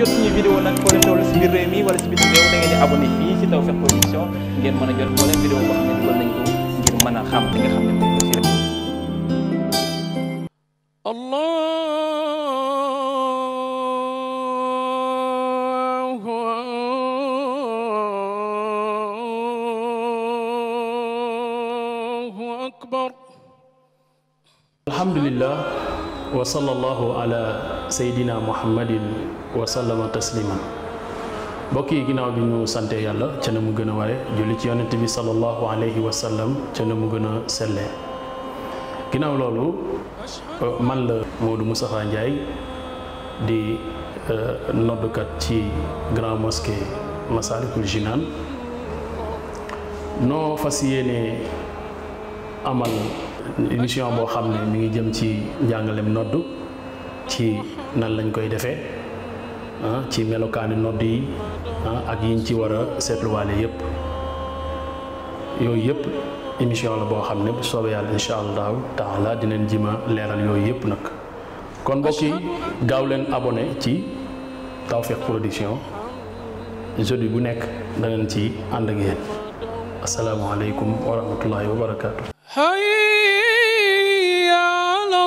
jot nii vidéo nag foo leen toll si biir réew mi wala si biir réew da ngeen di abonné fii si Tawfekh Production ngeen mën a jot moo leen vidéo boo xam ne dugal nañ ko ngir mën a xam li nga xam ne moom la rek. Allahu akbar. Alhamdulillah. wa sallallahu ala seydina muhammadin wa sallama tasliman mbokk yi ginnaaw bi ñu sante yàlla ca na mu gën a ware julli ci yonent bi sallallahu alayhi wa sallam ca na mu gën a selle ginnaaw loolu man la Modou Moustapha Ndiaye di euh, noddukat ci Grand Mosquée Massalikul Jinaan noo fas yéene amal émission boo xam ne mi ngi jëm ci njàngalem nodd ci nan lañ koy defee ah, ci melokaani nodd yi ah, ak yiñ ci war a seetluwaale yépp yooyu yépp émission la boo xam ne bu soobee yàlla incha allahu taala dinañ jima leeral yooyu yépp nag kon mbokk yi gaaw leen abonné ci Tawfekh Production jeudi bu nekk danañ ci ànd ak yéen asalaamaaleykum wa rahmatullahi wa barakaatu.